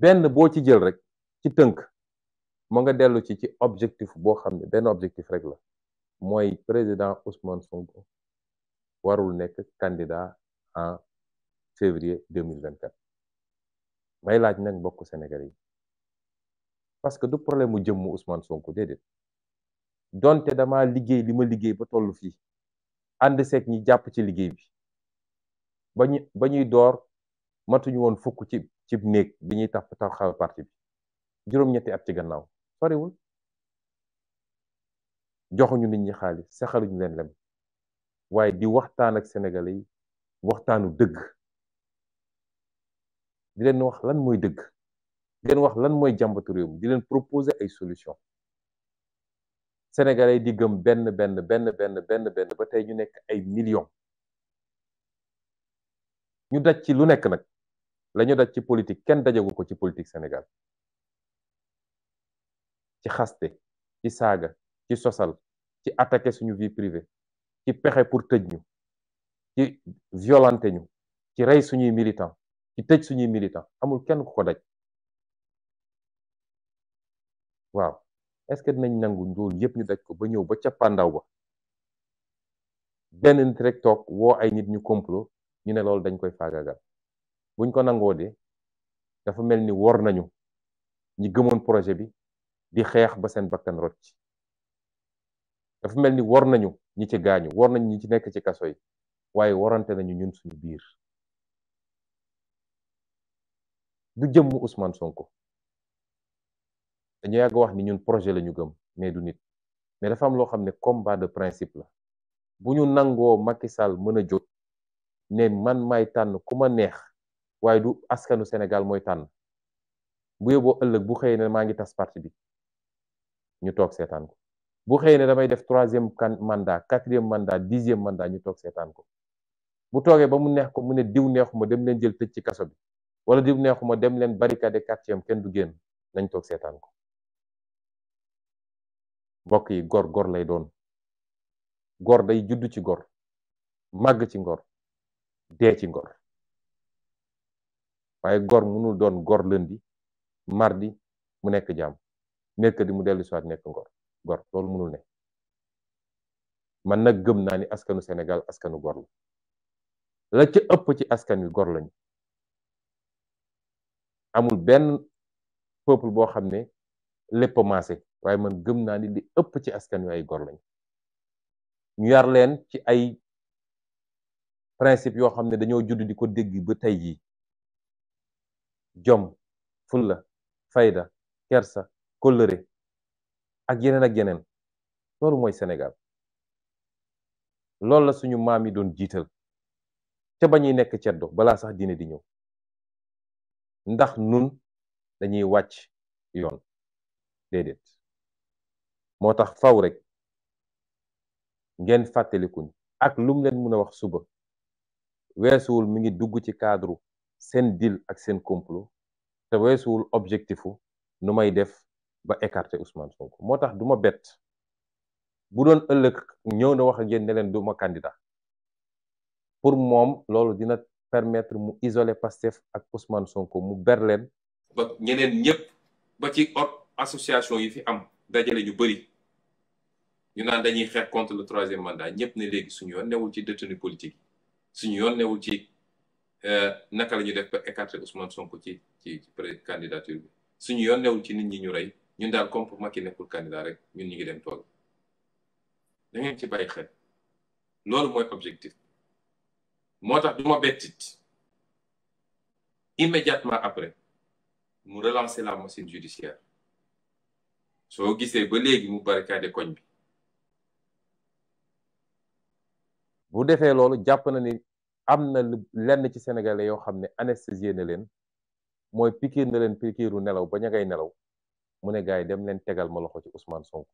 benn boo ci jël rek ci tënk mu nga dellu ci ci objectif boo xam ne benn objectif rek la mooy président Ousmane Sonko warul nekk candidat en février 2024 may laaj nag bokk Sénégalais yi parce que du problème mu jëmm Ousmane Sonko déedéet donte dama liggéey li ma liggéey ba toll fii ànd seek ñi jàpp ci liggéey bi ba ñu ba ñuy door matuñu woon fukk ci cib néeg bi ñuy tax taxaw parti bi juróom-ñetti at ci gannaaw soriwul joxuñu nit ñi xaalis saxaluñu leen lem waaye di waxtaan ak sénégalais yi waxtaanu dëgg di leen wax lan mooy dëgg di leen wax lan mooy jàmbatu réew mi di leen proposer ay solution sénégalais yi di gëm benn benn benn benn benn benn ba tey ñu nekk ay millions ñu daj ci lu nekk nag lañu daj ci politique kenn dajagu ko ci politique Sénégal ci xaste ci saaga ci sosal ci attaqué suñu vie privée ci pexe pour tëj ñu ci violenter ñu ci rey suñuy militant ci tëj suñuy militant amul kenn ku ko daj waaw est-ce que dinañ nangu loolu yëpp ñu daj ko ba ñëw ba ca pàndaw ba benn nit rek toog woo ay nit ñu complot ñu ne loolu dañ koy faagagal buñ ko nangoo de dafa mel ni wor nañu ñi gëmoon projet bi di xeex ba seen bakkan rot ci dafa mel ni wor nañu ñi ci gaañu wor nañu ñi ci nekk ci kaso yi waaye warante nañu ñun suñu biir du jëmm Ousmane Sonko dañu yàgg wax ni ñun projet lañu gëm mais du nit mais dafa am loo xam ne combat de principe la bu ñu nangoo Macky Sall mën a jóg ne man may tànn ku ma neex waaye du askanu senegal mooy tànn bu yóbboo ëllëg bu xëyee ne maa ngi tas parti bi ñu toog seetaan ko bu xëyee ne damay def troisième mandat quatrième mandat dixième mandat ñu toog seetaan ko bu toogee ba mu neex ko mu ne diw neexuma dem leen jël tëj ci kaso bi wala diw neexuma dem leen barricade quartier am kenn du génn nañ toog seetaan ko mbokk yi gor gor lay doon gor day juddu ci gor màgg ci ngor dee ci ngor waaye gor mënul doon gor lundi mardi mu nekk jàmm mercredi mu dellu siwaat nekk ngor gor loolu mënul ne man nag gëm naa ni askanu senegal askanu gor la ci askan wi gor lañu amul benn peuple boo xam ne lépp maase waaye man gëm naa ni li ëpp ci askan wi ay gor lañu ñu yarleen ci ay principe yoo xam ne dañoo judd di ko dégg ba tey jii jom fulla fayda kersa kóllëre ak yeneen ak yeneen loolu mooy senegal loolu la suñu maam yi doon jiital te ba ñuy nekk ceddo balaa sax diine di ñëw ndax nun dañuy wàcc yoon déedéet moo tax faw rekk ngeen fàttalikuñ ak lum leen mën a wax suba weesuwul mu ngi dugg ci cadre seen deal ak seen complot te weesuwul objectifu nu may def ba écarter Ousmane Sonko moo tax du ma bett bu doon ëllëg ñëw na wax ak leen du ma candidat pour moom loolu dina permettre mu isoler Pastef ak Ousmane Sonko mu ber leen ba ñeneen ñëpp ba ci ot association yi fi am dajale ñu bëri ñu naan dañuy xeex contre le troisième mandat ñëpp ne léegi suñu yoon newul ci détenu politique suñu yoon newul ci Eh, naka la ñuy def ba écarter Ousmane Sonko ci ci ci candidature bi suñu yoon newul ci nit ñi ñu rey ñu daal comme pour Macky nekkul candidat rek ñun ñu ngi dem tool da ngeen ci bari xel loolu mooy objectif moo tax du ma bettit immédiatement après mu relancer la machine judiciaire soo gisee ba léegi mu barricade koñ bi. bu defee loolu jàpp na ni. am na lenn ci sénégalais yoo xam ne anesthésié na leen mooy pikiir na leen pikiiru nelaw ba ñagay nelaw mu ne yi dem leen tegal ma loxo ci Ousmane Sonko